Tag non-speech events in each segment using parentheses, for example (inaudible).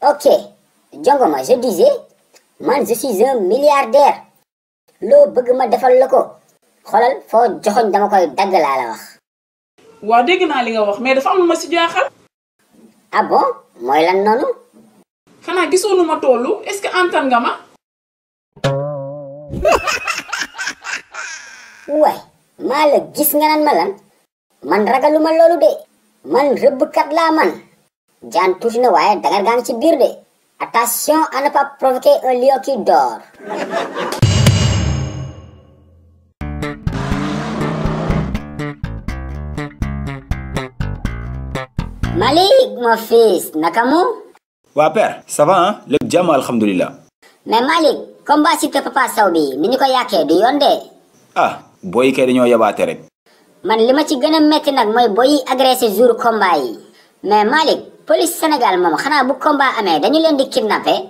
ok jongoma je disais man je loo bëgg ma defal la ko xoolal foo joxoñ dama koy dagg laa la wax. waaw dégg naa li nga wax mais dafa am lu ma si jaaxal. ah mooy lan noonu. xanaa gisoo ma tollu est-ce que antan nga ma. waay maa la gis nga naan ma lan man ragaluma loolu de man rëbbkat laa man. Jeanne touche na waaye dangar gang ngi ci biir de attention à ne pas provoquer un lion qui dort. Malik mon fils naka Wa père ça va hein, le djama, alhamdulilah. mais Malik combat si ton papa saw bi ni ko yàqee du yoon de. ah booy yi kay dañoo yabaate rek. man lima ma ci gën a métti nag mooy booy jour combat yi mais Malik. police senegal mom xana bu combat amé dañu leen di kidnapper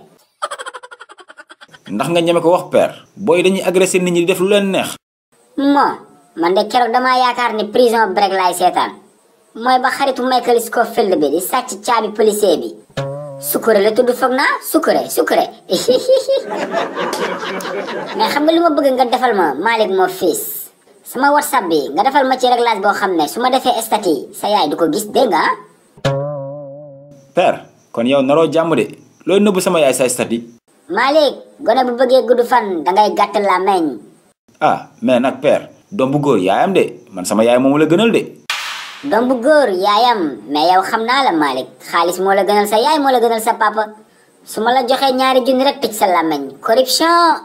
ndax nga ñeme ko wax père boy dañuy agresser nit ñi def lu leen neex. mo man de keroog dama yaakar ni prison break lay seetaan moy ba xaritu Michael Scofield bi di sacc ciabi policier bi. Sucre la tuddu fogna naa Sucre Sucre (laughs) xam nga luma bëgg nga defal ma malik mo fils sama whatsapp bi nga defal ma ci réglage bo xamné suma défé statut sa yaay du gis dégg nga Per, kon yow naro jàmm de looy sama yaay say stati malik gona bu beugé gudd fan da ngay gattal la meñ ah mais Per, père dombu bu yaayam de man sama yaay momu la gënal de dombu bu yaayam mais yow xamna la malik khalis mo la gënal sa yaay mo la gënal sa papa suma la joxé ñaari jinn rek tëj sa meñ corruption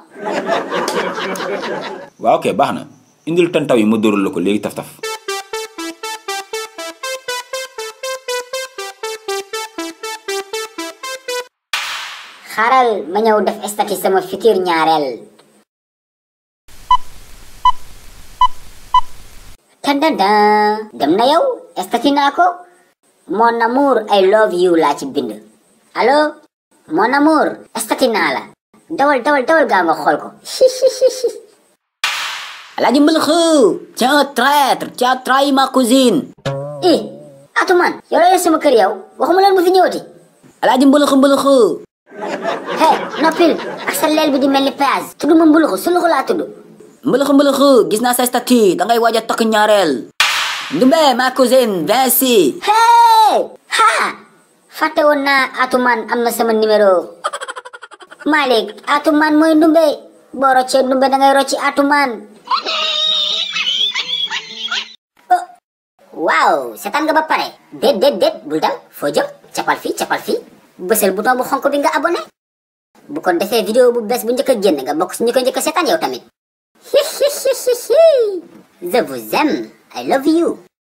wa ok baxna na indil tantaw yi dorul ko taf-taf xaral ma ñew def statut sama futur ñaareel da dem na yow statut naa ko mon amour I love you la ci bind allo mon amour statut na la dawal dawal dawal ga nga xol ko ala di mbul xoo un traître tu trahi ma cousine eh atuman yow la sama kër yow waxuma leen mu fi ñëwati Alhaji Mbëlxu Mbëlxu Hei, noppil ak sa lel bi di mel ni péage tudd ma mbuluxu sa luxu laa tudd mbuluxu mbuluxu gis naa sa ndumbe ma hey ha fàtte atuman atuman atumaan sama numéro Malik atuman mooy ndumbe boo roccee ndumbe da ngay rocci atumaan oh. waaw seetaan nga ba pare déet déet déet bul capal fi, capal bu ko defee vidéo bu bees bu njëkk a génn nga bokk si ñu ko njëkk a seetaan yow tamit (laughs) je vous aime I love you